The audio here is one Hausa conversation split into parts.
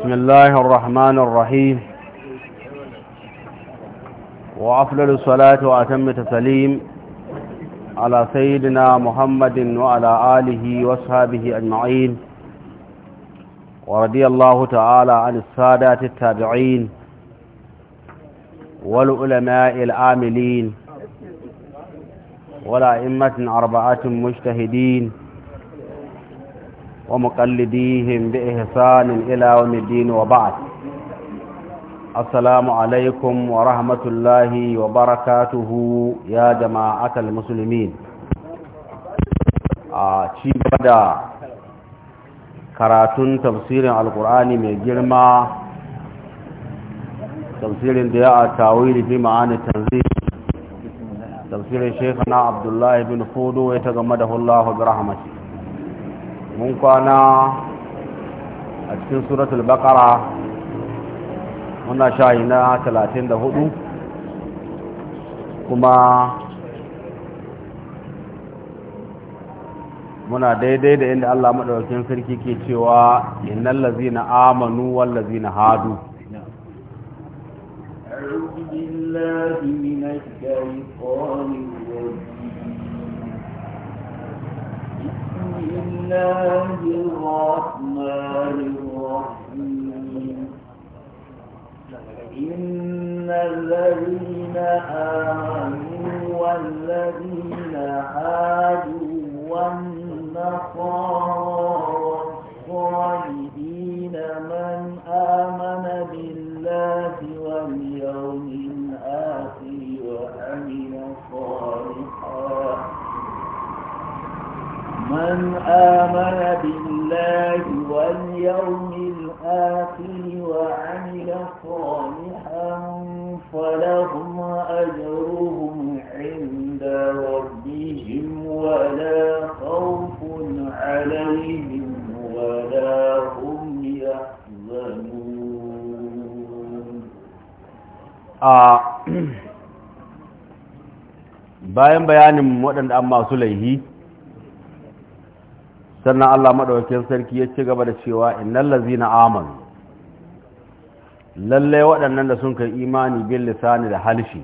بسم الله الرحمن الرحيم وأفضل الصلاة وأتم التسليم على سيدنا محمد وعلى آله وصحبه أجمعين ورضي الله تعالى عن السادات التابعين والعلماء العاملين ولا إمة أربعة مجتهدين ومقلديهم بإحسان إلى يوم الدين وبعد السلام عليكم ورحمة الله وبركاته يا جماعة المسلمين شيء karatun tafsirin alkur'ani mai girma tafsirin da ya a tawili fi ma'ani tanzir tafsirin shekana abdullahi bin fudu ya game da hullahu bi mun kwana a cikin suratul baqara muna shayi na 34 kuma muna daidai da inda Allah madaukakin sarki ke cewa innal ladzina amanu wal ladzina hadu الله الرحمن الرحيم إن والذين هادوا والنصارى bayan bayanin waɗanda an masu laihi sannan Allah maɗaukin sarki ya ci gaba da cewa lazi na amanu lalle waɗannan da sun kai imani bin lisani da halshi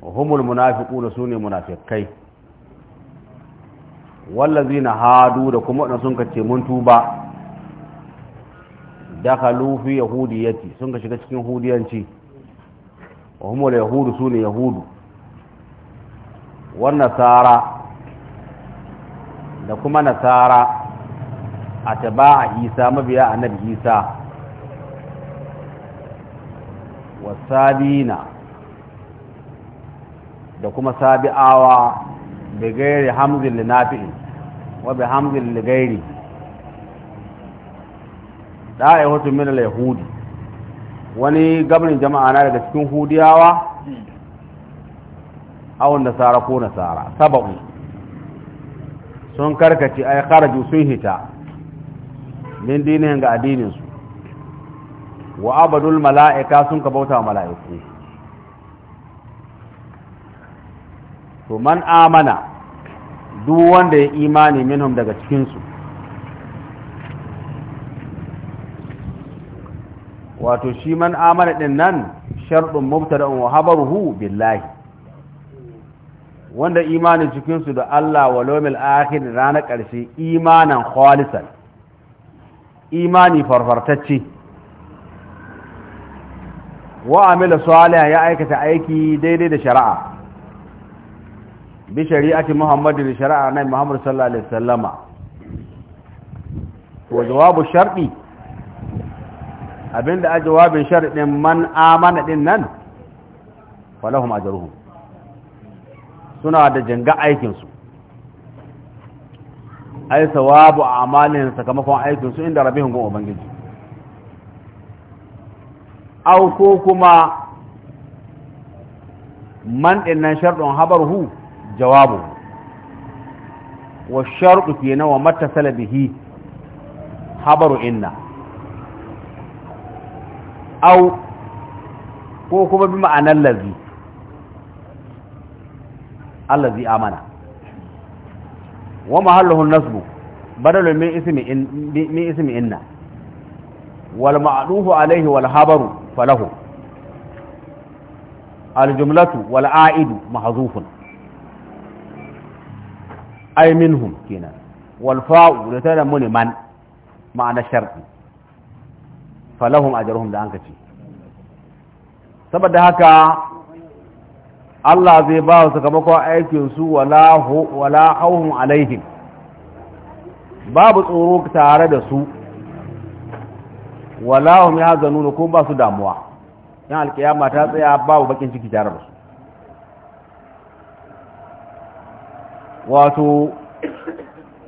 humul munafiquna sune munafikai na hadu da kuma waɗanda sun kace mun tuba dakhalu fi yahudiyati sun ka shiga cikin hudiyanci wa humul yahudu sune yahudu wan nasara da kuma nasara a isa mabiya a annabi isa wasabina da kuma sabi'awa da gairi hamzin linafi'in wa bi hamzin da gairi yahudu min al-yahudi wani gabrin jama'a na daga cikin hudiyawa awon nasara ko nasara saba'u sun karkace ai kharaju sun hita min dinin ga addininsu wa abadul mala'ika sun ka bauta mala'iku to man amana duk wanda ya imani minhum daga cikinsu wato shi man amana din nan sharɗin mubtada'un wa habaruhu billahi wanda imanin cikinsu da Allah wa lawmil akhir ranar ƙarshe imanan khalisan imani farfartacce wa amila salihan ya aikata aiki daidai da shari'a bi shari'ati Muhammadu da shari'a nan Muhammad sallallahu alaihi wasallama to jawabu sharɗi abinda a jawabin shari'in man amana din nan falahum ajruhum suna da janga aikin su ai sawabu amalin sakamakon aikin su inda rabihun gun ubangiji au ko kuma man din nan sharadin habarhu jawabu wa sharɗu kenan wa matasala bihi habaru inna au ko kuma bi ma'anar lazi allazi amana wa mahalluhu nasbu badalun min ismi in min ismi inna wal ma'dufu alayhi wal habaru falahu al jumlatu wal aidu mahzufun ay minhum kenan wal fa'u da tana muni man ma'ana sharti falahum ajaruhum da an ce saboda haka Allah zai ba su sakamakon aikin su wala wala hawhum alaihim babu tsoro tare da su wala hum zanu ko ba su damuwa in alkiyama ta tsaya babu bakin ciki tare da su wato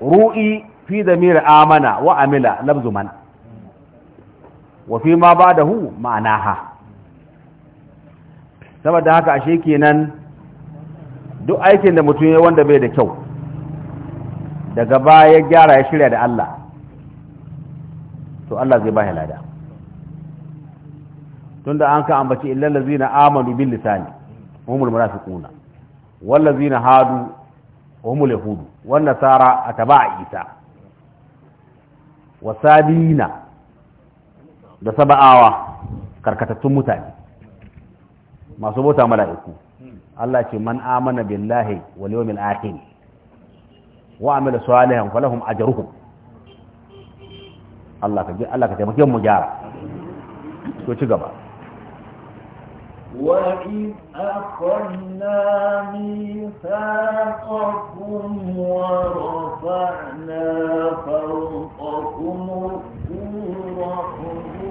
ru'i fi zamir amana wa amila labzu mana wafi ma ba da hu ma'anaha saboda haka ashe kenan duk aikin da mutum ya wanda bai da kyau daga baya ya gyara ya shirya da Allah to Allah zai ba lada tunda an ka ambaci illal ladzina amanu bil lisani humul munafiquna kuna wallazina hadu humul yahudu a nasara a isa wasabina da saba'awa karkatattun mutane masu bauta mala'iku Allah ce man amana billahi wal yawmil akhir wa amila salihan falahum ajruhum Allah ka Allah ka taimake mu gyara to ci gaba وإذ أخذنا ميثاقكم ورفعنا فوقكم الطور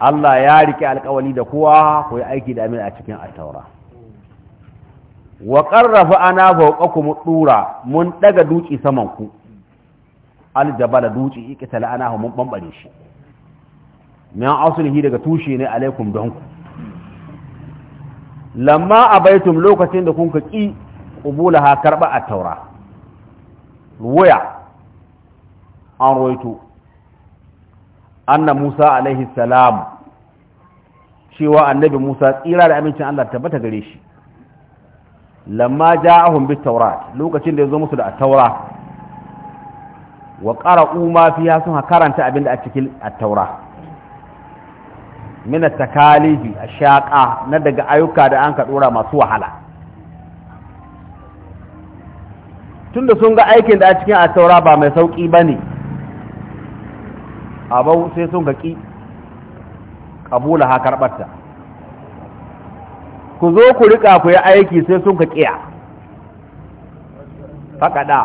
Allah ya rike alkawali da kowa ku yi aiki da amina a cikin altaura. wa qarrafa ana mu ɗura mun ɗaga duki saman ku aljabala duki tala ana mun ɓanɓare shi min aslihi daga tushe ne alaikum don ku lamma a baitum lokacin da kun ka ha karɓa a taura, ruwaya an roito anna Musa alaihi salam cewa annabi Musa tsira da amincin Allah tabbata gare shi lamma ja'ahum bit tawrat lokacin da yazo musu da at-taura wa qara'u ma fiha sun karanta abinda a cikin at-taura min at takalif ashaqa na daga ayyuka da an ka dora masu wahala tunda sun ga aikin da a cikin at-taura ba mai sauki bane abau sai sun gaki kabula ha karbarta ku zo ku rika ku yi aiki sai sun ka kiya faƙaɗa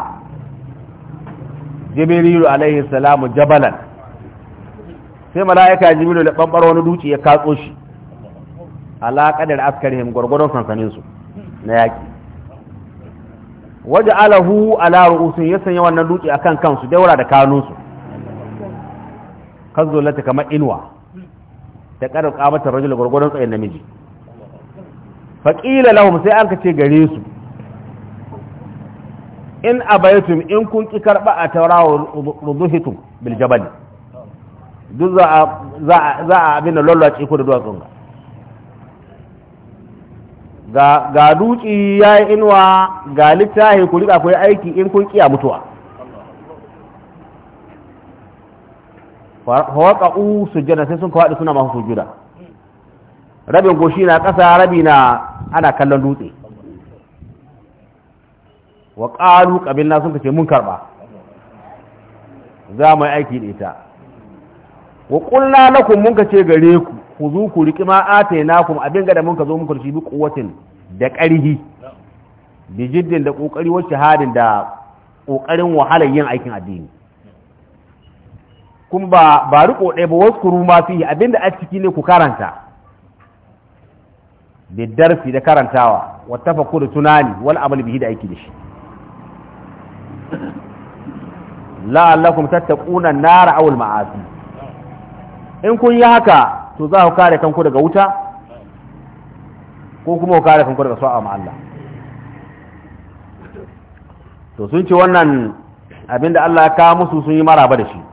jibrilu alaihi salamu jabalan sai mala'ika jibrilu da ɓanɓar wani duci ya katso shi alaƙadar askarihim gwargwadon sansaninsu na yaƙi waje alahu ala ru'usin ya sanya wannan duci akan kansu daura da kanunsu lati kamar inuwa ta ƙara ƙamatar rajul gwargwadon tsayin namiji faƙila lahum sai an ce gare su in abaitum in kun ki karɓa a taurawa rubuhitu bil jabal duk za a abin da lalace ku da duwatsun ga ga duki ya yi inuwa ga littahi ku riƙa ku yi aiki in kun kiya mutuwa su sujjada sai sun kawadi suna masu sujjada rabin goshi na ƙasa rabi na ana kallon dutse wa qalu qabilna sun kace mun karba za mu yi aiki da ita wa qulna lakum mun kace gare ku ku zu ku riki ma atainakum abin ga da mun ka zo muku shi bi quwwatin da ƙarhi bi jiddin da kokari wa shahadin da kokarin wahalar yin aikin addini Kun ba ba riko ɗaya ba wasu kuru ma fi abinda a ciki ne ku karanta da darsi da karantawa wa tafaku da tunani wal amal bihi da aiki da shi la'allakum tattaquna an-nar aw al-ma'asi in kun yi haka to za ku kare kanku daga wuta ko kuma ku kare kanku daga sa'a ma Allah to sun ce wannan abinda Allah ya kawo musu sun yi maraba da shi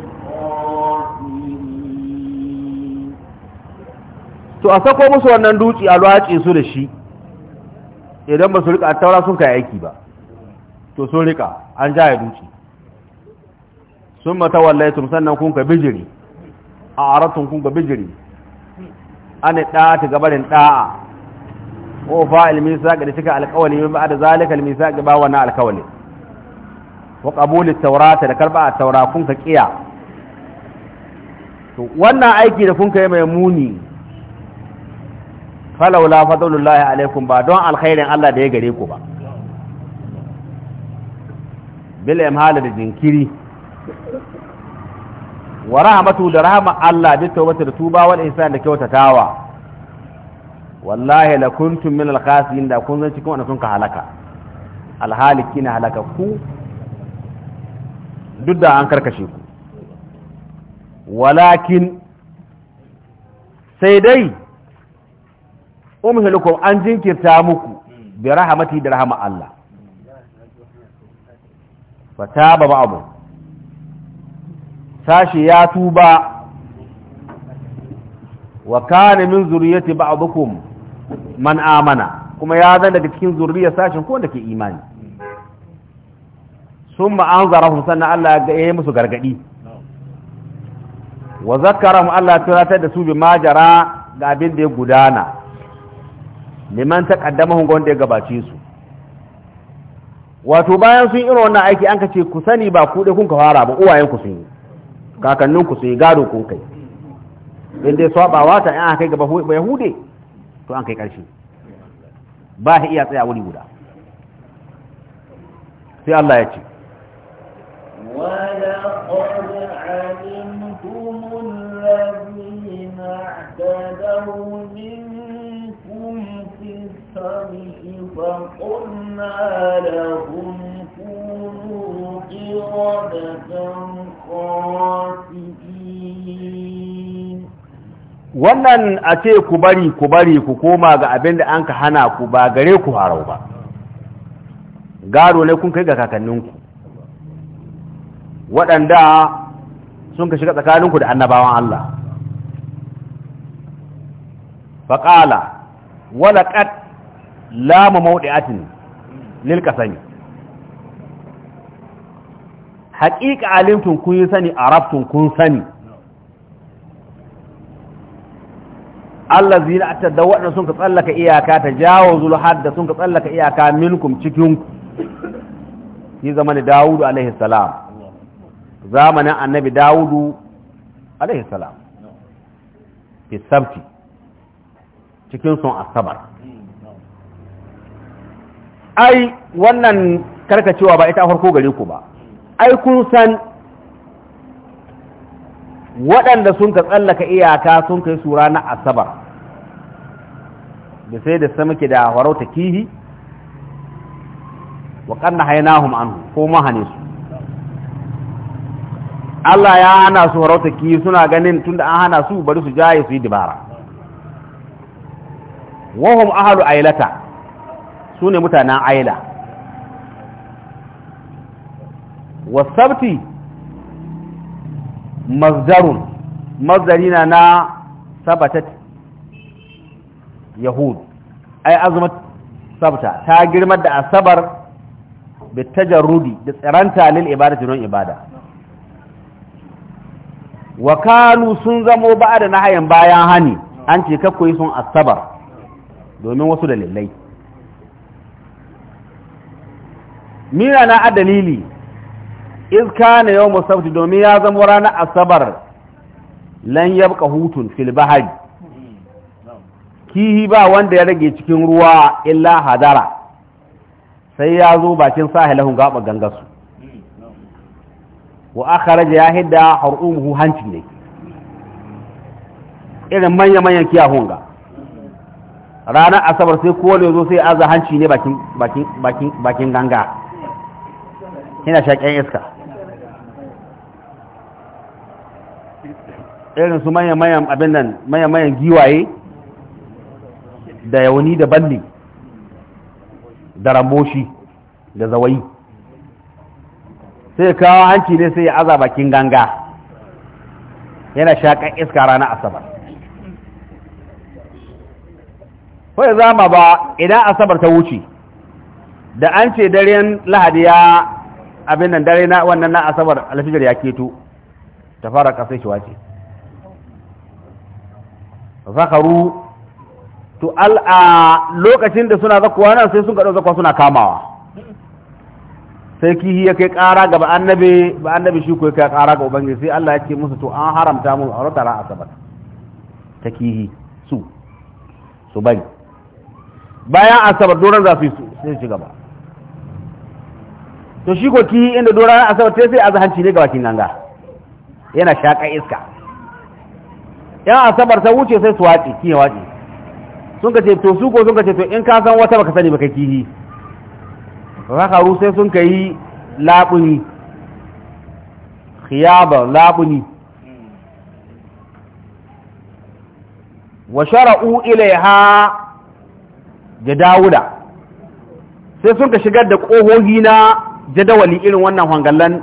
to a sako musu wannan dutse a lwace su da shi idan ba su rika taura sun kai aiki ba to sun rika an ja ya dutse sun mata tun sannan kun ka bijiri a aratun kun ka bijiri an ɗa ta gabarin ɗa'a ko fa'il misaq da cika alƙawali ba da zalika ga ba wannan alkawali wa qabulit tawrata da karba at-taura kun ka kiya to wannan aiki da kun kai mai muni falaula fadlullahi alaikum ba don alkhairin Allah da ya gare ku ba bil imhala da jinkiri wa rahmatu da rahama Allah bi tawbati da tuba wal ihsan da kyautatawa wallahi la kuntum min al khasirin da kun zan cikin wannan sun ka halaka al halikina halaka ku duk da an karkashe ku walakin sai dai umhilukum an jinkirta muku bi rahamati da rahama Allah fataba abu. sashi ya tuba wa kana min zuriyati ba'dukum man amana kuma ya zan daga cikin zurriya sashin ko wanda ke imani sun anzarahu sanna Allah ya yi musu gargadi wa zakkarahu Allah ya tunatar da su bi majara ga abin da ya gudana liman taqaddamahum ga wanda ya gabace su wato bayan sun irin wannan aiki an kace ku sani ba ku dai kun ka fara ba uwayen ku sun yi kakannin ku sun yi gado kun kai in dai swabawa ta in aka kai gaba ba yahude to an kai karshe ba shi iya tsaya wuri guda sai Allah ya ce qad alimtum الذين اعتدوا min فقلنا لهم كونوا قردة خاسئين wannan a ce ku bari ku bari ku koma ga abin da an ka hana ku ba gare ku harau ba gado ne kun kai ga kakanninku waɗanda sun ka shiga tsakaninku da annabawan Allah faƙala walaƙat lamu atin lil kasani haqiqa alimtum kun sani arabtum kun sani allazi la da wadda sun ka tsallaka iyaka ta jawazul hadda sun ka tsallaka iyaka minkum cikin ku shi zamanin dawudu alaihi zamanin annabi da'udu alaihi salam fi sabti cikin sun asabar ai wannan karkacewa ba ita farko gare ku ba ai kun san waɗanda sun ka tsallaka iyaka sun kai sura na asabar da sai da samake da warauta kihi wa kanna hainahum anhu ko mahane su Allah ya hana su warauta kihi suna ganin tunda an hana su bari su jaye su yi dibara wahum ahalu ailata su ne mutanen aila wasabti mazdarun mazdarina na sabatat yahud ai azumat sabta ta girma da asabar tajarrudi da tsiranta lil ibadati don ibada wa kanu sun zamo ba da nahayan bayan hani an ce kakkoyi sun asabar domin wasu dalilai mina na adalili iska na yau musamman domin ya zama ranar asabar lan yabka hutun fil kihi ba wanda ya rage cikin ruwa illa hadara sai ya zo bakin sahilahun gaba gangasu wa akharaja ya hidda har'umuhu hancin ne irin manya-manyan kiyahun ga ranar asabar sai kowane zo sai aza hanci ne bakin ganga yana shaƙen iska irin su mayan-mayan abin nan mayan-mayan giwaye da yauni da balli da ramboshi da zawayi sai kawo hanci ne sai ya aza bakin ganga yana shaƙan iska rana asabar kawai zama ba idan asabar ta wuce da an ce daren lahadi ya abin nan dare na wannan na asabar alfijir ya keto ta fara kasai shi wace zakaru to al'a lokacin da suna zakuwa nan sai sun kaɗo zakuwa suna kamawa sai kihi ya kai ƙara ga annabi ba annabi shi ko kai ƙara ga ubangiji sai Allah ya ce musu to an haramta mu aurata ran asabar ta kihi su su bari bayan asabar doron za su yi su sai ci gaba to shi ko ki inda dora a sautar sai azhanci ne ga bakin ga yana shaƙa iska yan asabar ta wuce sai su waƙi kiyan waƙi sun ka ce to su ko sun ka ce to in ka san wata baka sani baka kihi rakaru sai sun ka yi laɓuni khiyaba laɓuni wa shara'u ilaiha ga dawuda sai sun ka shigar da ƙohohi na jadawali irin wannan hangallan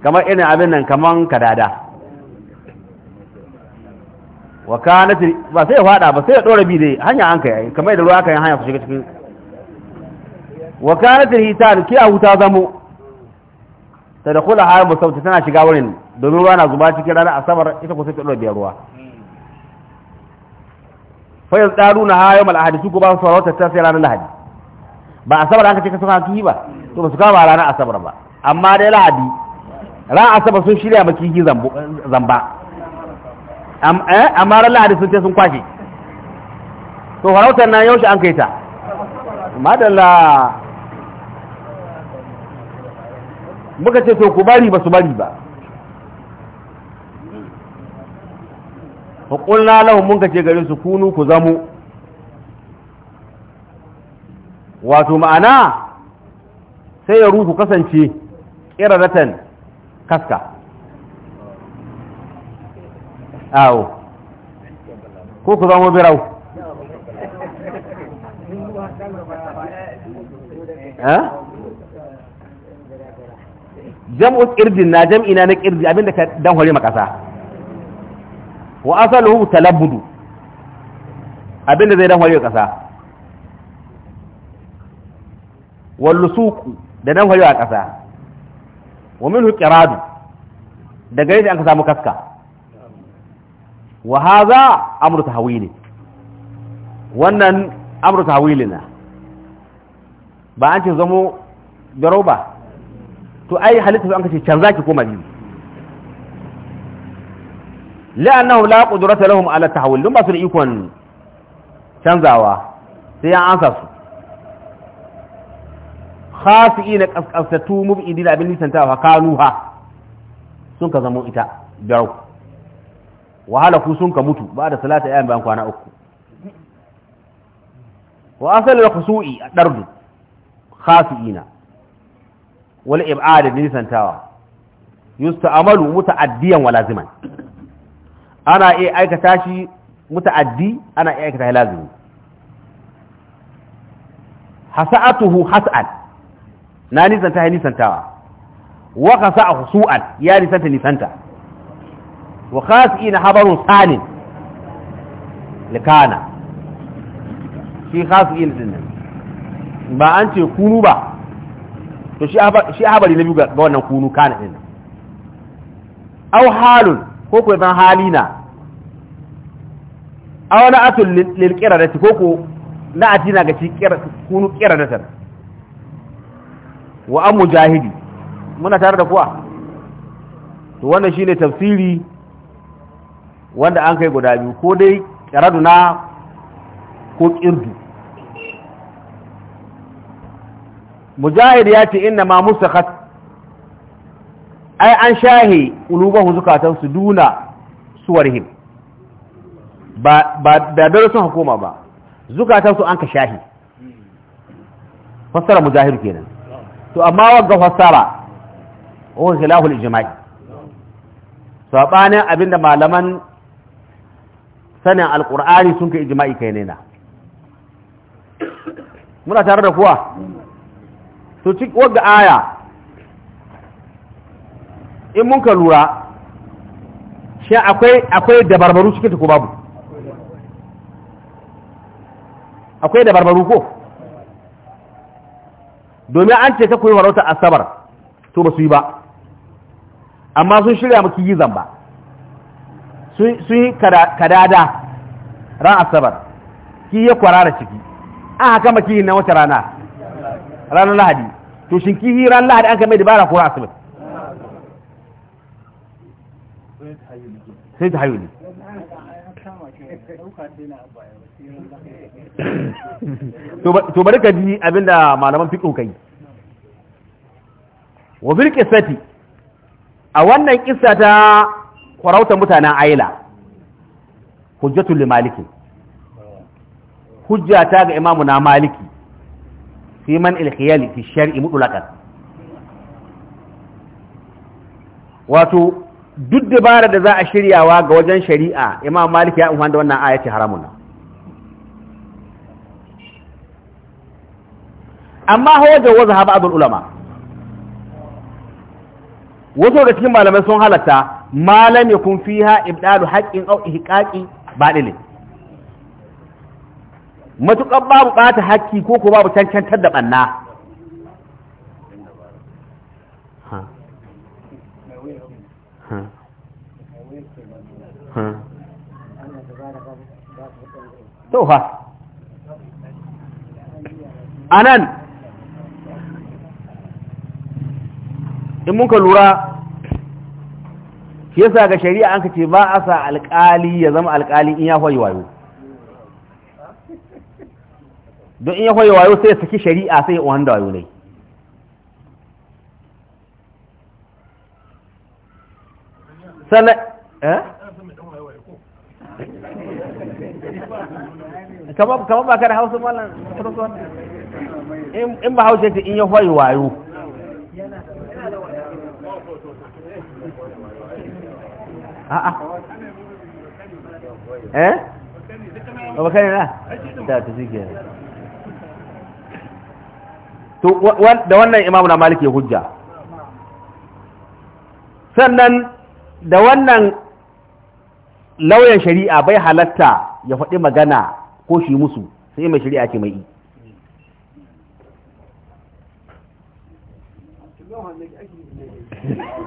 kamar irin abin nan kamar kadada wa kanati ba sai ya fada ba sai ya dora bi dai hanya an kai kamar da ruwa kan hanya su shiga cikin wa kanati hitan ki a huta zamo ta da kula har musauta tana shiga wurin domin ruwa na zuba cikin a asabar ita ko sai ta dora biyar ruwa fa yanzu na ha yawmal ko ba su farauta ta sai ranar lahadi ba asabar aka ce ka suka kihi ba to ba su kawo ranar asabar ba amma dai lahadi ran asabar sun shirya ma kihi zamba eh, amma ran lahadi sun ce sun kwashe to farautar nan yaushe an kai ta madalla muka ce to ku bari ba su bari ba fa qulna mun kace gare su kunu ku zamo wato ma'ana sai ya ruhu kasance ƙirarratan kaska awo ko ku zama birau jam'u irdin na jam'ina na kirji abinda ka dan hore makasa wa asaluhu talabbudu abinda zai dan hore ƙasa wallusuku da dan hoyo a ƙasa wa minhu qiradu da gare da an samu kaska wa hadha amru tahwili wannan amru tahwili na ba an ce zamo garoba to ai halitta an kace canza ki koma biyu la'annahu la qudrata lahum ala tahwil dun ba su da ikon canzawa sai an ansa su khasiina kaskasatu mubidin abin nisanta wa kanuha sun ka zamo ita garau wahala ku sun ka mutu ba da salata ayan bayan kwana uku wa asalul khusu'i dardu khasiina wal ib'ad nisantawa yusta'malu muta'addiyan wa laziman ana iya aikata shi muta'addi ana iya aikata lazimi hasa'atuhu has'an na nisanta ya nisantawa wa kasa a husu'an ya nisanta nisanta wa khas ina habarun sanin likana shi khas ina din ba an ce kunu ba to shi habari na biyu ga wannan kunu kana din aw halun ko ko zan halina aw na atul lil qiradati ko ko na atina ga shi kunu qiradatar wa an mujahidi muna tare da kuwa to wannan shine tafsiri wanda an kai guda biyu ko dai na ko ƙirdu mujahid ya ce inna ma musakhat ai an shahe ulubahu zukatansu, su duna suwarhim ba ba da darasin hukuma ba Zukatansu su an ka shahi. fassara mujahid kenan to amma wagga fassara wa khilaful ijma'i sabanin abinda malaman sanin alqur'ani sun kai ijma'i kai ne na muna tare da kuwa to cikin wagga aya in mun ka lura shi akwai akwai dabarbaru cikin ta ko babu akwai dabarbaru ko domin an ce ta koyi farauta asabar to ba su yi ba amma sun shirya maki yi zamba sun yi kadada ran asabar ki ya kwarara ciki an haka maki na wata rana ranar lahadi to shin yi ran lahadi an kame dabara ko asabar sai ta hayo ne to bari ka ji abinda malaman fiqh kai wa bil qissati a wannan kissa ta farauta mutanen aila hujjatul li maliki hujja ta ga imamu na maliki fi man al-khiyali fi shar'i mutlaqan wato duk dabara da za a shiryawa ga wajen shari'a imam maliki ya umar da wannan ayati haramun amma hawa jawaza ha ba'd ulama wato da cikin malamai sun halatta malam yakun fiha ibdalu haqqin aw ihqaqi badilin Matuƙar babu bata haƙƙi ko ko babu cancantar da banna to fa anan in muka lura ke yasa ga shari'a an ce ba a sa alƙali ya zama alƙali in ya hoyi wayo don in ya hoyi wayo sai ya saki shari'a sai ya wanda wayo ne sannan eh kama ba ka da hausa mallan in ba haushe in ya hoyi wayo a'a eh abokan na ta to da wannan imamu na maliki hujja sannan da wannan lauyan shari'a bai halatta ya faɗi magana ko shi musu sai mai shari'a ke mai yi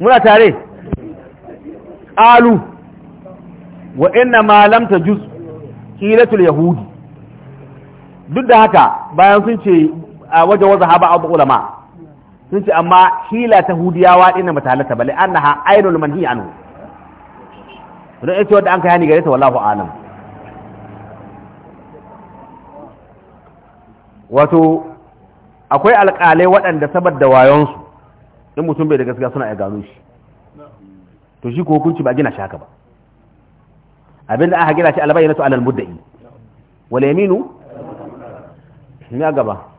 muna tare alu wa inna malamta jus tajuz yahudi duk da haka bayan sun ce a wajen wasu haba abu ulama sun ce amma hila ta hudiyawa ɗin ba ta halatta ba an na ha'ainul manhi anu don ya ce wadda an kai hani gare ta wallahu alam wato akwai alƙalai waɗanda saboda wayonsu in mutum bai da gaskiya suna iya gano shi to shi ko hukunci ba gina shi haka ba abinda aka gina shi albayyana su alal mudda'i wal yaminu ni a gaba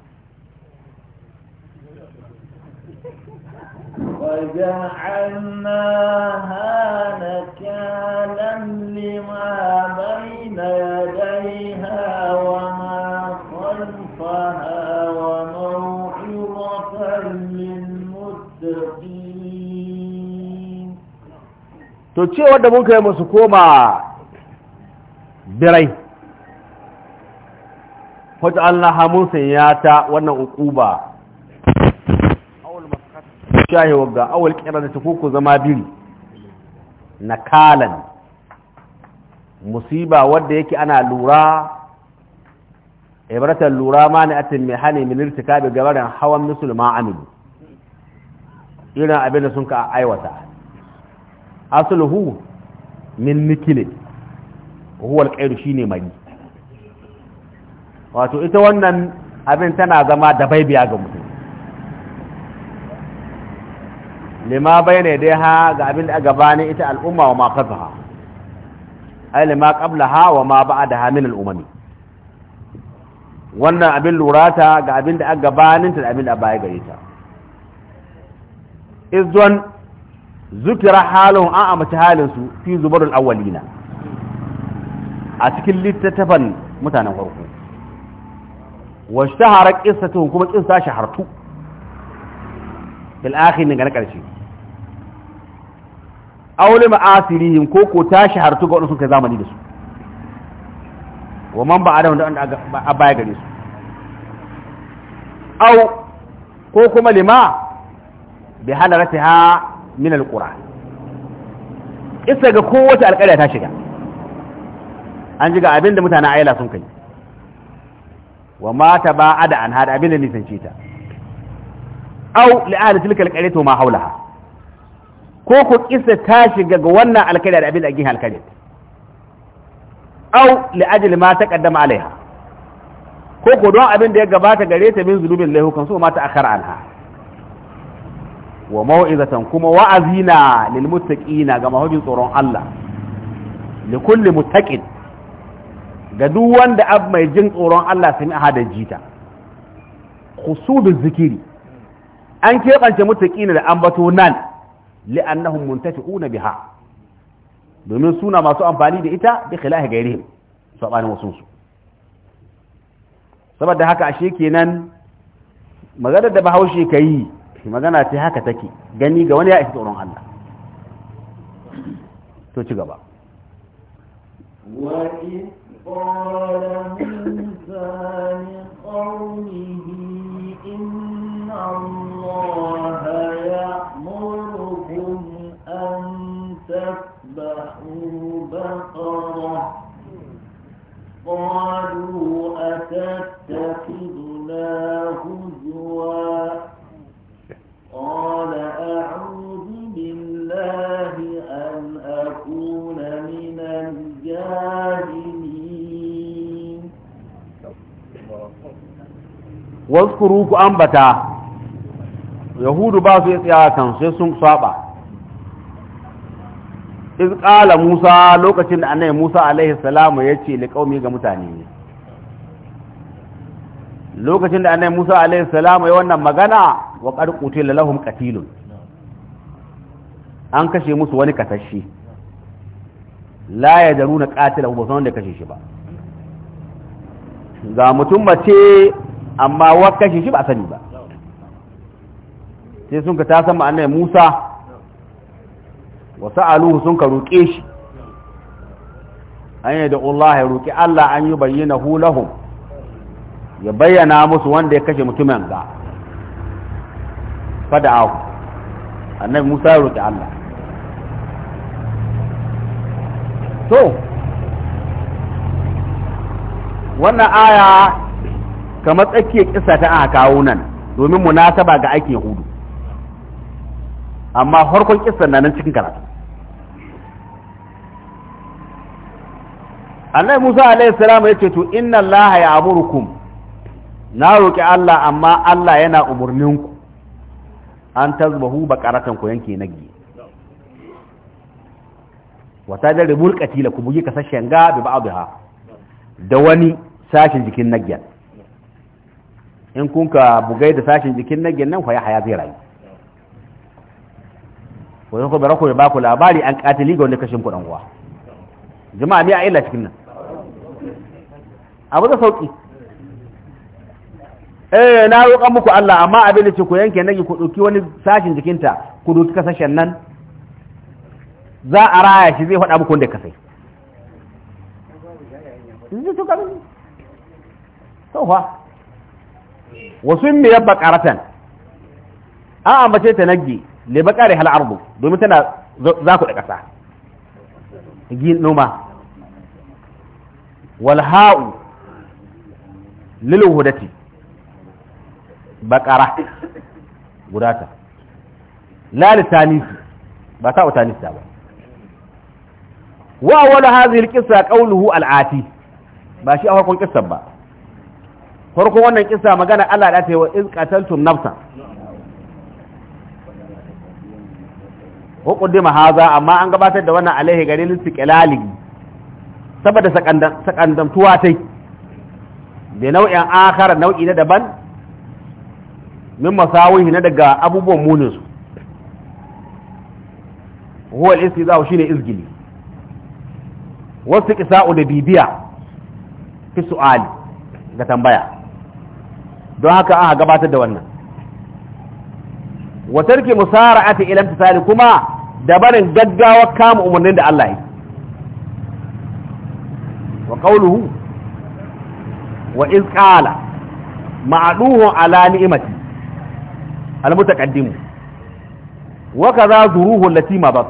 وجعلناها نكالا لما بين يديها وما خلفها to ce wadda muka yi musu koma birai wata Allah hamusin ya ta wannan ukuba awul makata shahi wagga awul kira da tukuku zama biri nakalan musiba wadda yake ana lura ibratan lura ma ne atin mai hane min irtikabi gabarin hawan musulma amilu irin abinda da sun ka aiwata asluhu min nikilin huwa shi shine mai wato ita wannan abin tana zama da baibiya ga mutum lima bayane dai ha ga abin da gaba ne ita al'umma wa ma ha, ay lima ha wa ma ha min al'umami wannan abin lurata ga abin da gabanin ta da abin da baya gare ta zukira halin an amince halin su fi zubarul awwalina a cikin littattafan mutanen farko wa shahara qissatuhum kuma qissa shahartu fil akhir ne ga na karshe aule ma'asirihim ko ko ta shahartu ga wanda suka zamani da su wa man ba adam da wanda a baya gare su au ko kuma lima bi halaratiha min alqura isa ga kowace alƙarya ta shiga an ji ga abin da mutanen aila sun kai wa mata ba a da an hada abin da nisanci ta au li'ahli tilka alqarya to ma haulaha ko ku isa ta shiga ga wannan alƙarya da abin da gihin alƙarya au li'ajli ma ta taqaddama alaiha ko ko don abin da ya gabata gare ta min zulubin laihukan su ma ta akhara anha wa mau'izatan kuma wa'azina lil muttaqina ga mahujin tsoron Allah li kulli muttaqin ga duk wanda ab mai jin tsoron Allah sami hada jita khusudu zikiri an kebance muttaqina da ambato nan li annahum muntafi'una biha domin suna masu amfani da ita bi khilahi gairihim sabanin wasu su saboda haka ashe kenan maganar da bahaushe ka yi magana sai haka take gani ga wani ya isi tsoron Allah to ci gaba قالوا أتتخذنا هزوا Koda a Wasu kuru ku ambata, Yahudu ba su yi tsayasar kanshi sun faɓa. Isƙala Musa lokacin da anan Musa alayhis salamu ya ce ni ga mutane. lokacin da annabi Musa alaihi salamu ya wannan magana wa qad qutila lahum an kashe musu wani katashi la ya daruna qatila ba san da kashe shi ba ga mutum mace amma wa kashe shi ba sani ba sai sun ka ta sama annabi Musa wasu sa'aluhu sun ka roƙe shi an yi da Allah ya roƙi Allah an yi bayyana hu ya bayyana musu wanda ya kashe mutumin ga fada ahu annabi musa ya roƙi allah to wannan aya kamar tsakiyar kisa ta aka kawo nan domin munasaba ga aikin hudu amma harkon kisa na nan cikin karatu annabi musa alaihi salam ya ce to inna allaha ya amurukum na roƙi Allah amma Allah yana umurninku an tazbahu bakaratan ku yanke nagi wata da ribul katila ku bugi kasashen ga bi ba'daha da wani sashin jikin nagiyan in kun ka bugai da sashin jikin nagiyan nan fa ya haya zai rayu ko yanku barako ya baku labari an katili ga wanda kashin ku dan uwa jama'a mai a illa cikin nan abu da sauki eh na roƙa muku Allah amma abin da ce ku yanke nagi ku ɗauki wani sashin jikinta ku ɗauki kasashen nan za a raya shi zai faɗa muku wanda kasai zai tuka min sauwa wasu mai yabba ƙaratan an ambace ta nagge le bakare hal ardu domin tana za ku da ƙasa gin noma wal ha'u lil hudati bakara gudata la litanisi ba ta utanista ba wa wala hadhihi alqissa qawluhu al'ati ba shi a farkon kissa ba farkon wannan kissa magana Allah da ta yi wa iz qataltum nafsan wa qaddima amma an gabatar da wannan alaihi gare listiqlali saboda sakandamtuwa tai da nau'in akhara nau'i na daban min masawin na daga abubuwan munin su huwa al-istiza'u shine izgili wasu kisa'u da bibiya fi su'ali ga tambaya don haka aka gabatar da wannan wa tarki musara'ati ila imtisali kuma da barin gaggawa kama umarnin da Allah yi wa qawluhu wa iz qala ma'duhu ala ni'mati المتقدم وكذا ظروه التي مضت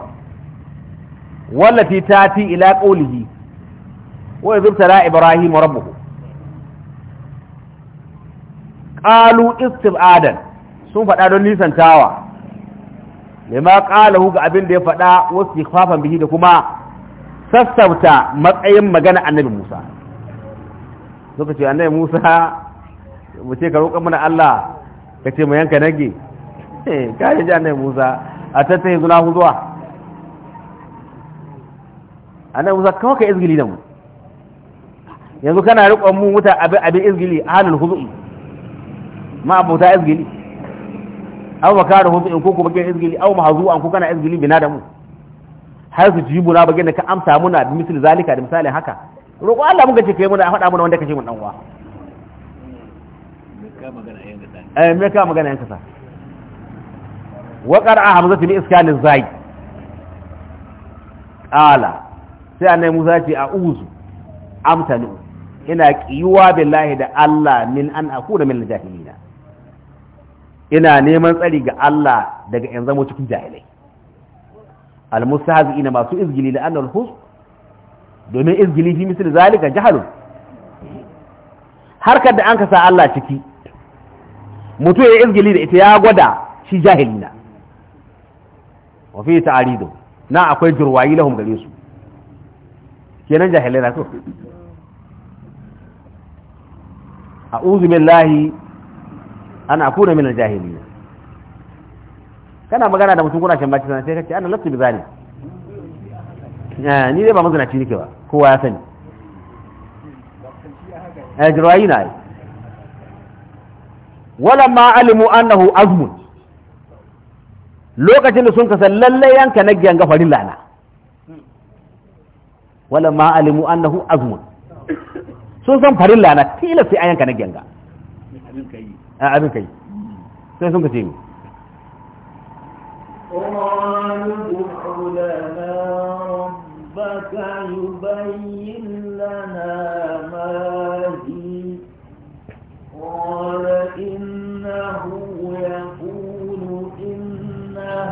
والتي تاتي إلى قوله وإذ ابتلى إبراهيم ربه قالوا استبعادا sun faɗa don nisantawa lima ƙalahu ga abin da ya faɗa wasu ikhfafan bihi da kuma sassauta matsayin magana annabi Musa suka ce annabi Musa mu ce ka roƙa mana Allah ka ce mai yanka nage eh, kare ji annai musa a yanzu na huzuwa annai musa kawai ka izgili da mu yanzu kana rikon mu wuta abin izgili a halin huzu'i ma abuta izgili aw da huzu'in ko kuma kin izgili ma mahzu'an ko kana izgili bina da mu har su jibu na bagin da ka amsa muna bi misali zalika da misalin haka roƙo Allah mun gace kai muna a faɗa muna wanda ka ce mun dan uwa eh me ka magana yanka sa wa a hamzatu bi iskan az-zai ƙala sai annabi Musa ce a'uzu amtanu ina qiyuwa billahi da Allah min an aku da min al-jahilina ina neman tsari ga Allah daga yan zamo cikin jahilai al-mustahzi'ina masu izgili da annal hus domin izgili fi misal zalika jahalun harkar da an kasa Allah ciki mutum ya izgili da ita ya gwada shi jahili na wa fi ta'aridu na akwai jirwayi lahum gare su kenan jahili na to a uzu billahi ana akuna min jahili kana magana da mutum kuna shan sanar sai kace ana da bizani eh, ni dai ba mazanaci nake ba kowa ya sani a eh, jirwayi na yi walamma alimu annahu azmun lokacin da sun kasa lalle yanka na gyanga farin lana walamma alimu sun san farin lana tila an yanka na gyanga a abin kai sai sun kace mi ربك يبين لنا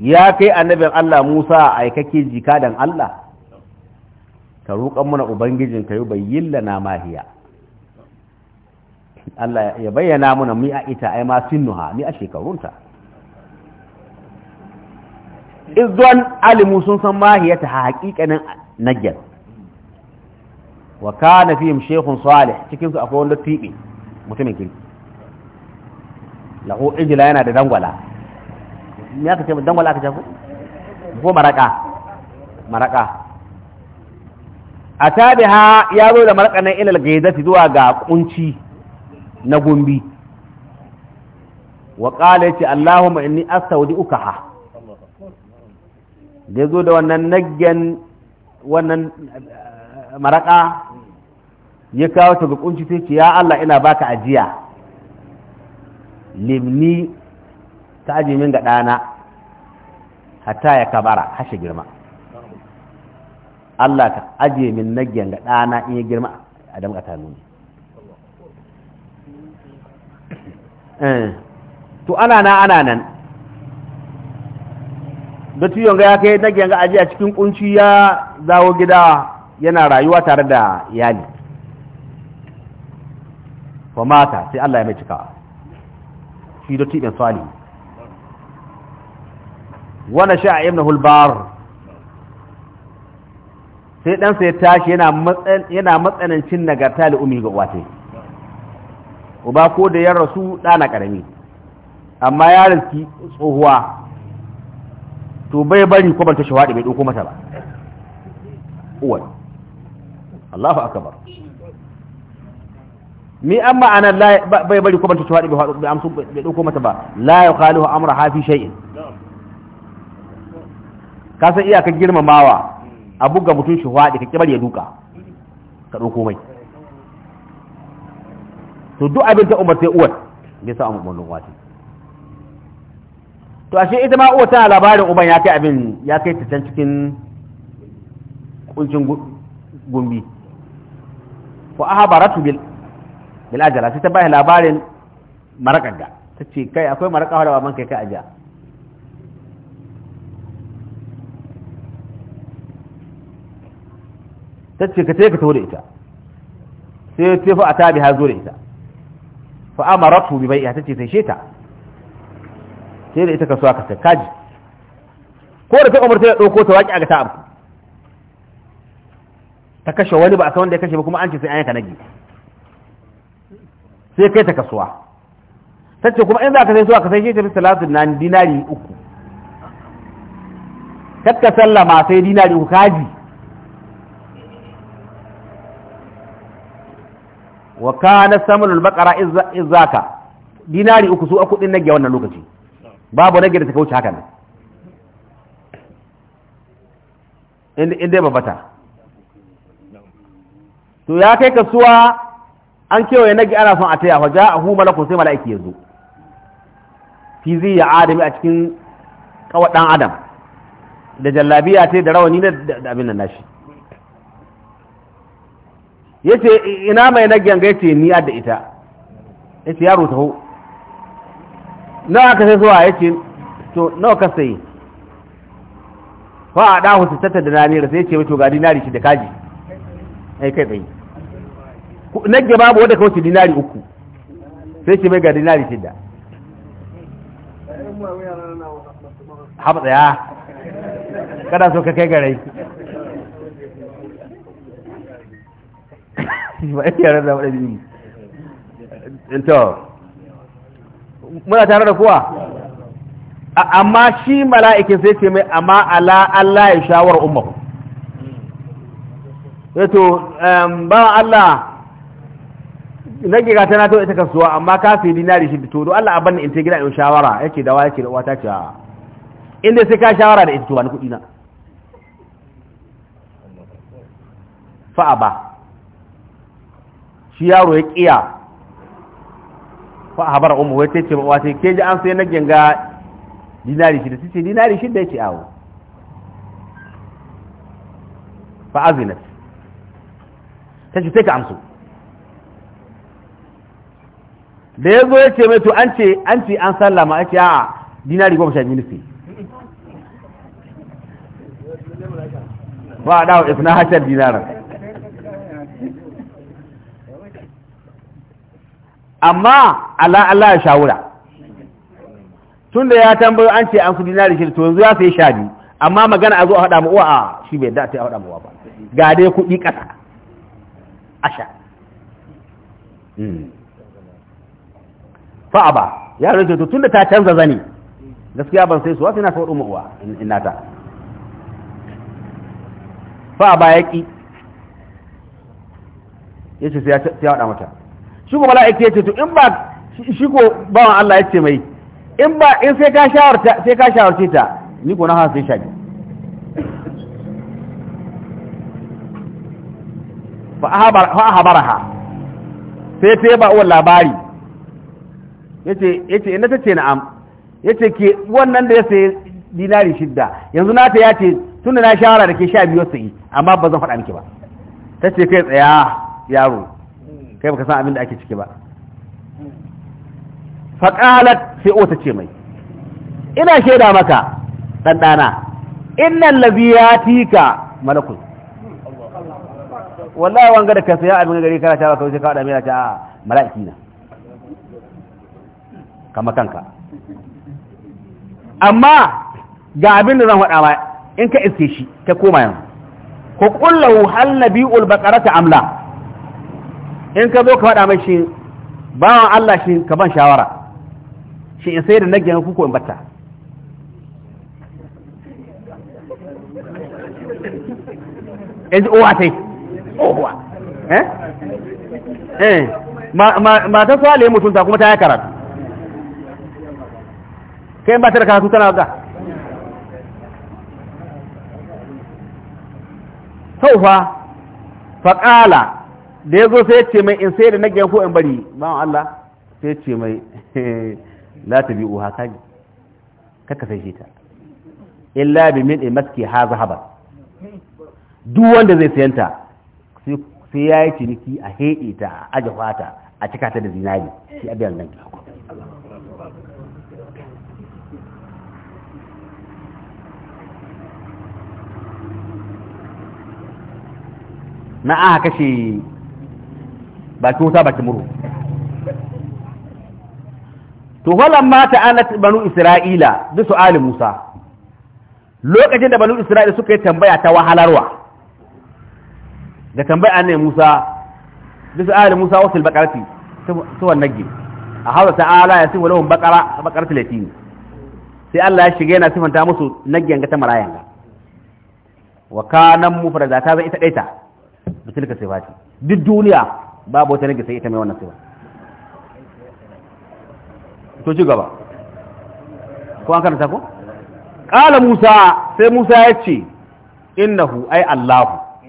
ya kai annabin Allah Musa a aikake jikadan Allah ka roƙon muna ubangijin ka yi bayyilla na mahiya Allah ya bayyana muna mi a ita ai ma nuha mi a shekarunta izuwan alimu sun san mahiyata ta haƙiƙanin nagyar wa ka kana fihim shekun salih cikinsu akwai wanda tiɓe mutumin kirki lahu ijila yana da dangwala me aka ce dangwala aka ce ko maraka maraka a ha ya zo da maraka nan ilal su zuwa ga kunci na gumbi wa ya ce allahumma inni uka ha da zo da wannan naggen wannan eh, maraka ya kawo ta ga kunci sai ce ya Allah ina baka ajiya limni ka aji min ga ɗana hatta ya kabara hashe girma Allah ka aji min nagyan ga ɗana in ya girma a damga ta nuni eh, to ana na ana nan da tuyon ga ya kai nagyan ga aji a cikin kunci ya zawo gida yana rayuwa tare da iyali ko mata sai Allah ya mai cikawa shi da tiɗin salihu wani sha'a na hulbar sai ɗansa ya tashi yana matsanancin nagarta da ga uwace uba ko da ya rasu ɗana ƙarami amma ya riski tsohuwa to bai bari ko banta shawaɗi bai ɗauko mata ba uwar Allahu akabar mi an ana bai bari ko banta shawaɗi bai ɗauko mata ba la yuqalu amra hafi shay'in ka san iyakar girmamawa a buga mutum shi hwaɗe ka kibar ya duka ka ɗauko mai to duk abin ta umar sai uwar bai sa umar mallon wace to ashe ita ma uwar tana labarin umar ya kai abin ya kai ta can cikin kuncin gumbi fa ahabaratu bil bil ajala sai ta bai labarin marakan da ce kai akwai maraka da man kai kai ajiya. ta ce ka ka taho da ita sai ya fa a tabi har zo da ita fa amaratu bi bai'a ta ce sai sheta sai da ita kasuwa ka sai kaji ko da ta umarta ya dauko ta waki a ga ta abu ta kashe wani ba a san wanda ya kashe ba kuma an ce sai an yanka kanagi sai kai ta kasuwa ta ce kuma in za ka sai suwa ka sai sheta ta fi na dinari uku kakka sallama sai dinari uku kaji wa kana samanul baqara izaka dinari uku su aku din nage wannan lokaci babu nage da ta haka ne in inda ba bata to ya kai kasuwa an kewaye nage ana son a taya fa hu malakun sai mala'iki yazo fi ya adami a cikin dan adam da jallabiya ta da rawani da abin nan nashi ya ce ina mai nagyan ga ya ce ni da ita ya ce yaro taho na aka sai zuwa ya ce to nawa ka sai fa a ɗahu su tattar da nanira sai ya ce wato ga dinari shi da kaji ai kai tsaye nage babu wadda ka wuce dinari uku sai ce mai ga dinari da haɓa tsaya kada so ka kai garai ba yake da waɗanda muna tare da kuwa amma shi mala'ikin sai ce mai amma ala Allah ya shawar umar yato eh ba Allah na gira tana to ita kasuwa amma kafin dinari shi to do Allah abanni in ta gida in shawara yake da yake da wata ce inda sai ka shawara da ita to wani kudi na fa aba shi yaro ya kiya fa habar ummu wai ce ba wace ke ji an sai na ganga dinari shida sai ce dinari shida yace awo fa azinat ta ce sai ka amsu da ya zo ya ce mai to an ce an ce an sallama ake a dinari goma sha minisi ba a dawo ifna hashar dinaran amma Allah Allah ya shawura tun da ya tambayo an ce an su dinari shi to yanzu ya sai sha biyu amma magana a zo a haɗa mu uwa a shi bai da ta haɗa mu uwa ba ga dai kuɗi ƙasa asha hmm. fa ba ya rage to tun da ta canza zani gaskiya ban sai su wasu na faɗo mu uwa ina ta fa ba ya ƙi ya ce sai ya haɗa mata shi ko mala'ika ya ce to in ba shi ko bawan Allah ya ce mai in ba in sai ka shawarta sai ka shawarce ta ni ko na ha sai shaji fa ahabaraha sai ta ba uwan labari yace yace inda tace na'am yace ke wannan da ya sai dinari shidda yanzu na ta yace tunda na shawara da ke sha biyu sai amma ba zan faɗa miki ba tace kai tsaya yaro kai baka san abin da ake ciki ba faƙalat sai ota ce mai ina shaida maka ɗanɗana innan labiyatika malakul wallahi wanga da ka saya abin gari kana ta ka wuce ka wada mai ta mala'iki na kama kanka amma ga abin da zan faɗa ma in ka iske shi ka koma yanzu ko kullahu hal nabi'ul ta amla in ka zo ka faɗa mai shi bawan Allah shi ka ban shawara shi in sai da nage ku ko in batta in ji uwa tai owa eh eh ma ta sale mutunta kuma ta yi karatu kai ba ta da karatu tana ga fa faƙala da ya zo sai ya ce mai in sai da na gaya ko in bari bawan Allah sai ya ce mai la ta bi uha kaji kaka sai shi ta illa bi min maski ha zahaba duk wanda zai sayanta sai ya yi ciniki a heɗe ta a aje fata a cika ta da zinari shi a biyan nan na aka kashe baki wuta baki muru to walamma ta'alat banu isra'ila bi su'ali musa lokacin da banu isra'ila suka yi tambaya ta wahalarwa da tambaya ne musa bi su'ali musa wasu bakarati suwan nagi a hausa ta ala ya siwa lahum bakara a bakarati latini sai Allah ya shiga yana sifanta musu nagiyan ga ta marayan ga wa kanan mu farada ta zai ita daita bi tilka sifati duk duniya babu wata rage sai ita mai wannan siwa. to ci gaba ko an karanta ko qala musa sai musa ya ce innahu ay allah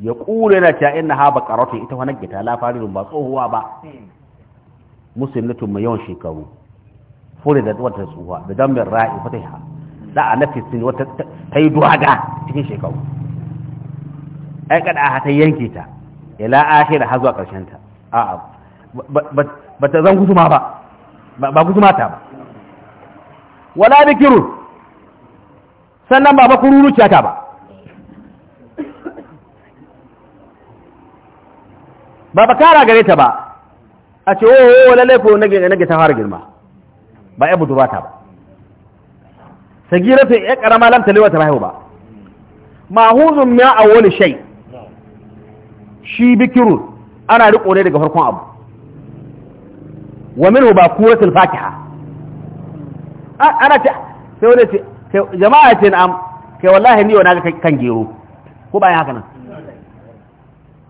ya kula yana cewa ha baqarati ita wannan gita la faridun ba tsohuwa ba muslimatun mai yawan shekaru fure da wata tsuwa da dambin ra'i fatiha da a nafi sun wata ta yi duwaga cikin shekaru ai kada a ta yanke ta ila akhir har zuwa karshen ta a'a ba ta zan kusuma ba ba kusuma ta ba wala dikiru sannan ba ba kururuciya ta ba ba ba kara gare ta ba a ce oh, oh lalle ko nage nage ta fara girma ba ya budu ba ta ba sagiratu ya karama lam talewa ta haihu ba mahuzun a awwal shay' shi bikiru ana riko ne daga farkon abu wa minhu ba kuratul fatiha ana ce sai wani ce jama'a ce na'am kai wallahi ni na ga kan gero ko ya haka nan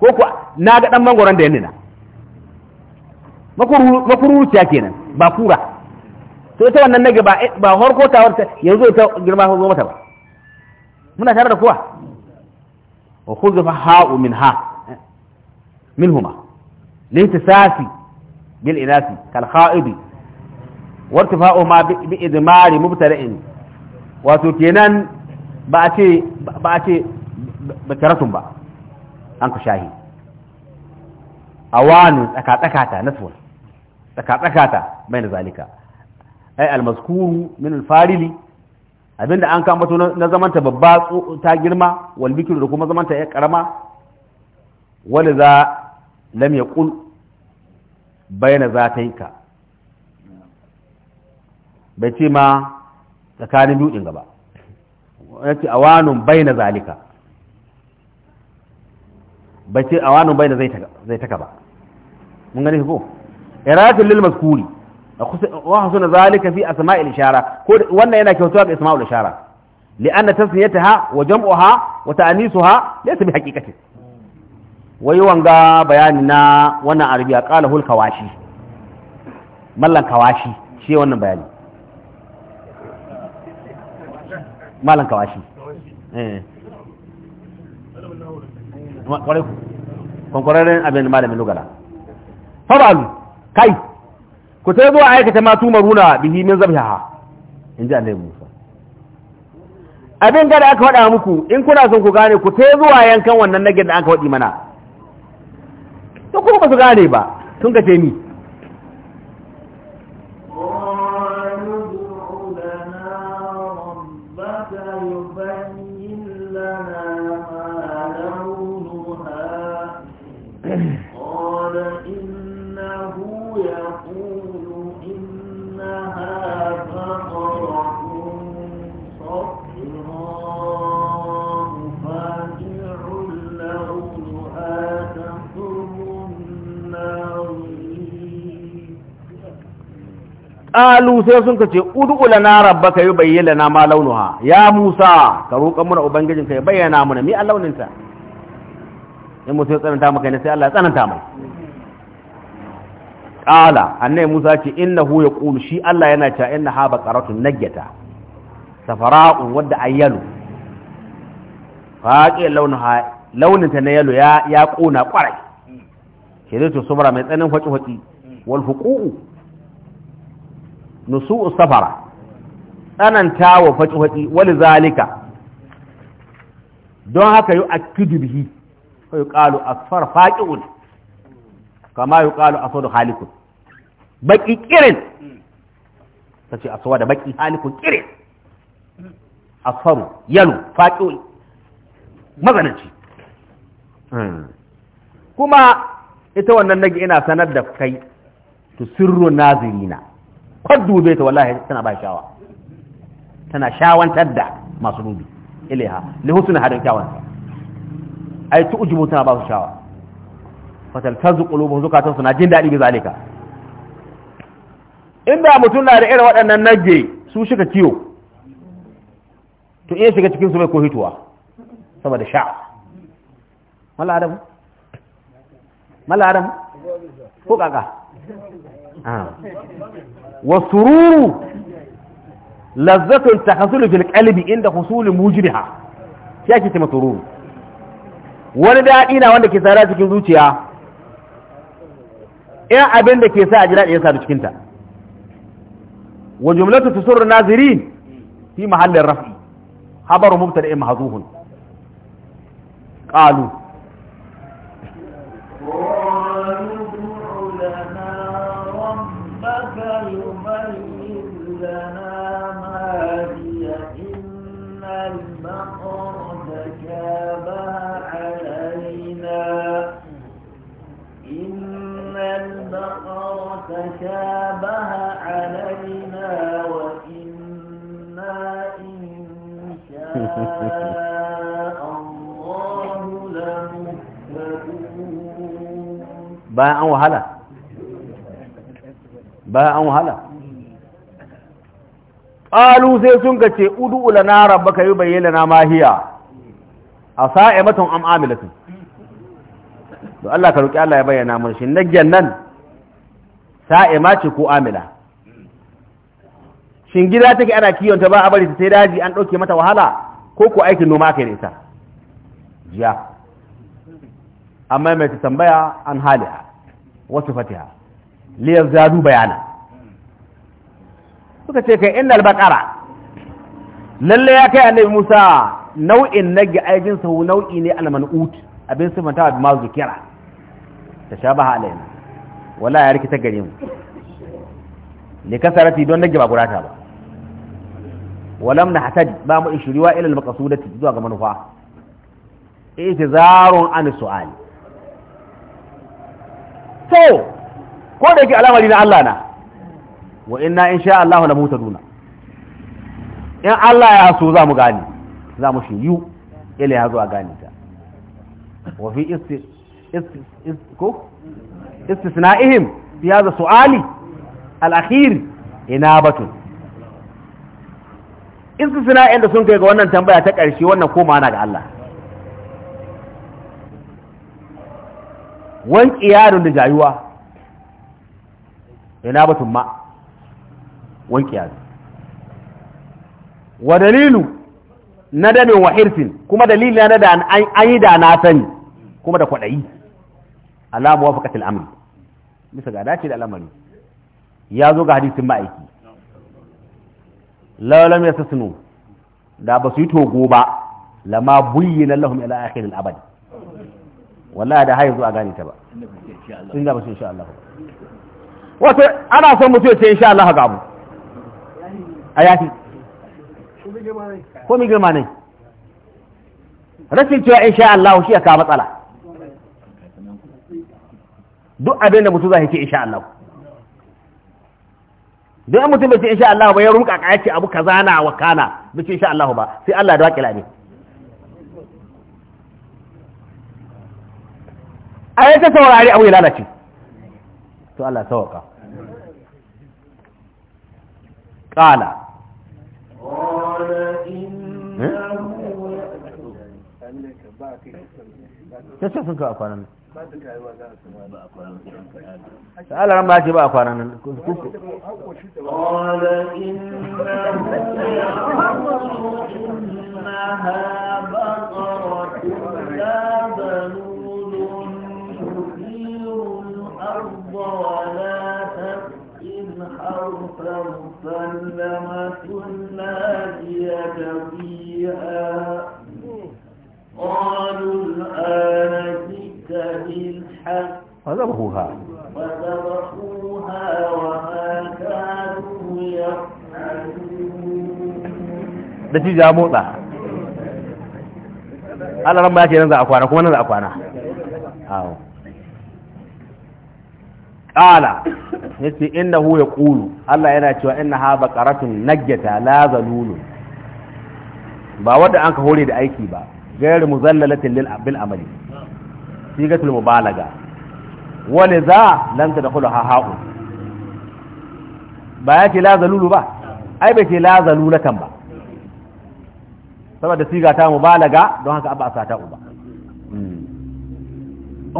ko ko na ga dan mangoron da yanni na makuru ciya kenan ba kura to ita wannan nage ba ba horko ta wata yanzu ta girma zo mata ba muna tare da kuwa wa khudhu fa ha'u minha منهما الانتساس بالإناث كالخائب وارتفاعهما بإدمار مبتدأ وتكينان بأتي بأتي بكرتهم بقى أنك شاهد أوان أكاتكاتا نسول أكاتكاتا بين ذلك أي المذكور من الفارلي abinda an kama na zamanta babba ta girma walbikin da kuma zamanta ya karama wani za lam yaqul bayna zataika bai ce ma tsakanin biyu din gaba yace awanun bayna zalika bai ce awanun bayna zai taka ba mun gane ko iratul lil mazkuri wa hasuna zalika fi asma'il ishara ko wannan yana kyautuwa ga isma'ul ishara li'anna tasniyataha wa jam'uha wa ta'nisuha laysa bi haqiqatin wai wanga bayani na wannan arabiya qala hul kawashi mallan kawashi shi wannan bayani mallan kawashi eh kwarai kwankwararren abin malamin lugala fabalu kai ku sai zuwa aikata ma tumaruna bihi min zabhiha in ji annabi Musa abin gada aka faɗa muku in kuna son ku gane ku sai zuwa yankan wannan nagin da aka faɗi mana to kuma ba su gane ba sun ka ce ni ƙalu sai sun ka ce ud'u lana rabbaka yubayyin lana ma launuha ya Musa ka roƙa muna ubangijin ka ya bayyana muna mi launin ta in Musa ya tsananta maka ne sai Allah ya tsananta mai qala annai Musa ce innahu yaqulu shi Allah yana cewa inna ha baqaratun nagyata safara'un wadda ayyalu faqi launuha launin ta na yalo ya ya kona kwarai zai to subra mai tsanin faci faci wal huququ nusu'u safara tsananta wa faci-faci wani zalika don haka yi akidu bihi yi ƙalu a farfaƙi'un kama yi ƙalu a halikun baƙi kirin ta ce a da baƙi halikun kirin a faru yalo faƙi'un mazananci kuma ita wannan nage ina sanar da kai tu sirru nazirina kwaddu bai ta wallahi tana ba shawa tana shawantar da masu dubi ilaiha li hadin kyawun ai tu ujubu tana ba su shawa fatal tazu qulubu zukatan suna jin dadi bi zalika inda mutum na da irin waɗannan nage su shiga kiyo to iya shiga cikin su bai ko hituwa saboda sha mala adam mala adam ko kaka wa sururu lazzatun tahsulu fil qalbi inda husuli mujriha shi ake cewa sururu wani daɗi na wanda ke tsara cikin zuciya ya abin da ke sa a jira daɗi ya sadu cikinta wa jumlatu tusurru nazirin fi mahallin rafi habaru mubtada in qalu bayan an wahala bayan an wahala ƙalu sai sun ka ce udu rabba ka yi bayyana na mahiya a sa'imatun an amilatun da Allah ka roƙi Allah ya bayyana mun shi nagyan nan sa'ima ce ko amila shin gida take ana kiyon ta ba a bari ta sai daji an ɗauke mata wahala ko ko aikin noma ka yi da ita jiya amma mai tambaya an haliha wasu fatiha liyar zadu bayana suka ce kai innal baqara lalle ya kai annabi Musa nau'in ga aijin sa nau'i ne al-man'ut abin sifanta da mazukira tashabaha alaina wala ya rikita gare mu ne kasarati don nage ba gurata ba walam na hatad ba mu ishriwa ila al-maqsudati zuwa ga manufa i'tizarun an su'ali to ko da yake al'amari na Allah na wa inna insha Allah la mutaduna in Allah ya so za mu gani, za mu shi yu ila ya zo a gani ta wa fi isti ko istisna'ihim fi hadha su'ali al-akhir inabatu istisna'in da sun kai ga wannan tambaya ta ƙarshe wannan koma na ga Allah wanki qiyarun da jayuwa ina batun ma wanki qiyarun wa dalilu nadamin wa hirfin kuma dalilin na da an yi da na sani kuma da kwaɗayi alamu wa faƙatil amri bisa ga dace da al'amari ya zo ga hadisin ma'aiki laulam ya sassano da ba su yi togo ba lama na lahum ila akhiril abad wala da haizu a gane ta ba in da ba su insha Allah wato ana son mutum ce insha Allah ga abu a yafi ko mi girma ne rashin cewa insha Allah shi ya ka matsala duk abin da mutum zai ce insha Allah duk mutum bai ce insha Allah ba ya rumka kayace abu kaza na wa kana bai ce insha Allah ba sai Allah da waƙila ne a yi ta saurari abu ya lalace to Allah sauka ƙala Sassan sun kawo a kwanan nan. Allah ran ba ce ba a kwanan nan. قال إنه إنها بقرة لا بنون ولا تسقم حرفا سلمة لا يد فيها قالوا الآن جئت بالحق فذبحوها فذبحوها وما كانوا يفعلون نتيجة موضع Allah ran ba ke nan za a kwana kuma qala yace innahu yaqulu Allah yana cewa ha baqaratun najjata la zalulun ba wanda an ka hore da aiki ba gairu muzallalatin lil bil amali sigatul mubalaga wani za lan tadkhulu ha ha'u ba yake la zalulu ba ai bai ce la zalulatan ba saboda siga ta mubalaga don haka abba ta uba hmm.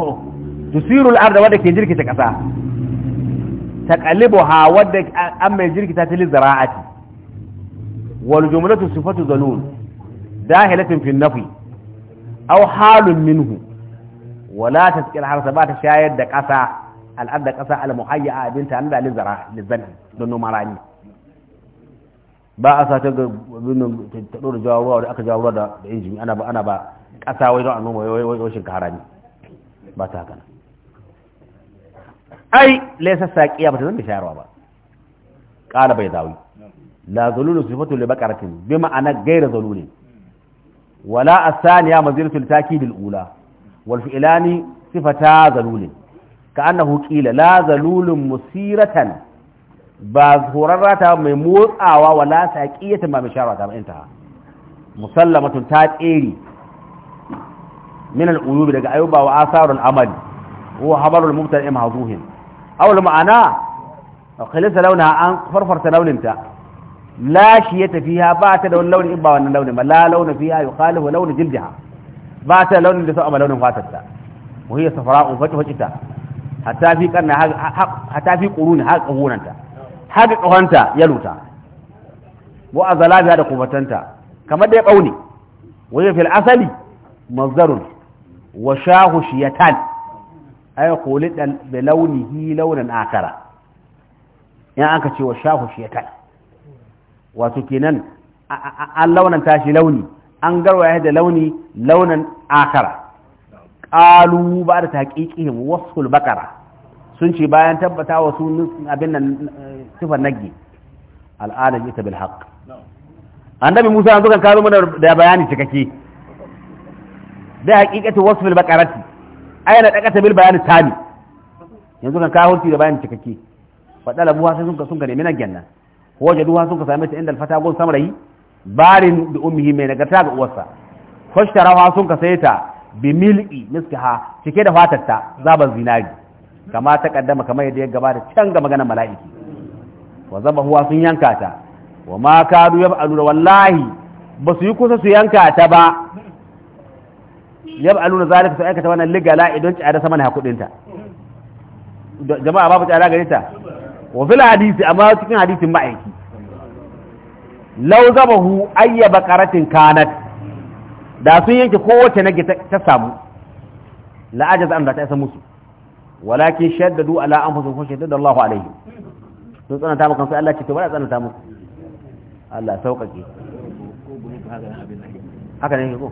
oh, tusirul arda wadda ke jirkita ƙasa. تقلبها ودك أما يجريك تاتي للزراعة والجملة صفة ظنون داهلة في النفي أو حال منه ولا تسكيل الحرث بات شايد دك أسا الأرض دك أسا المحيئة بنت أنبع للزراعة للزنة دونه مراني ba a sa ta ga binin ta dora jawo da aka jawo da injimi ana ba ana ba ƙasa wai don a noma ai laysa saqiya bata zan da shayarwa ba qala bai zawi la zululu sifatu li baqaratin bi ma'ana ghayra zululin wala as mazilatu al-takid al-ula wal fi'lani sifata Ka ka'annahu qila la zululun musiratan ba ta mai motsawa wala saqiyatan ma bishara ta intaha musallamatun ta tsere min al daga ayuba wa asarul amali wa habarul mubtadi mahzuhin awal ma'ana khilisa launa an farfarta launinta la shi ya tafiya ba ta da wani launi ba launin ba la launa fiha yukhalifu launi ba ta da launin da sa'ama launin fatarta wa hiya safara'un fatu fajita hatta fi kanna hatta fi quruni har kahonanta har kahonta ya luta wa azalabiha da kubatanta kamar da ya kauni wa asali mazdarun wa shahu shiyatan ay khulidan bi launihi launan akara in aka ce wa shahu shekar wato kenan an launan tashi launi an garwa ya da launi launan akara qalu ba da taqiqihim wasu bakara sun ce bayan tabbata wa su abin nan sifar nagi al'adar ita bil haqq annabi Musa an zo kan karo mana da bayani cikakke da wasu wasful bakarati ai na dakata bil bayani tami yanzu kan kawo hurti da bayani cikakke fadala buha sai sun ka sun ka nemi na genna wajaduha sun ka same ta inda alfata gon samrayi barin da ummihi mai nagarta ga uwarsa fashtarawa sun ka sai ta bi mil'i miskaha cike da ta zaban zinari kama ta kaddama kamar yadda ya gabata can ga maganar mala'iki wa zaba huwa sun yanka ta wa ma kadu yab'alu wallahi ba su yi kusa su yanka ta ba na zalika sai aikata wannan ligala idan ci a da sama na kudin ta jama'a babu tsada gare ta wa fil hadisi amma cikin hadisin ma'aiki law zabahu ayya baqaratin kanat da sun yanke kowace nage ta samu la ajaza an da ta isa musu walakin shaddadu ala anfusihim fa shaddada Allahu alaihim sun tsananta maka sai Allah ce to ba tsananta musu Allah sauƙaƙe haka ne ko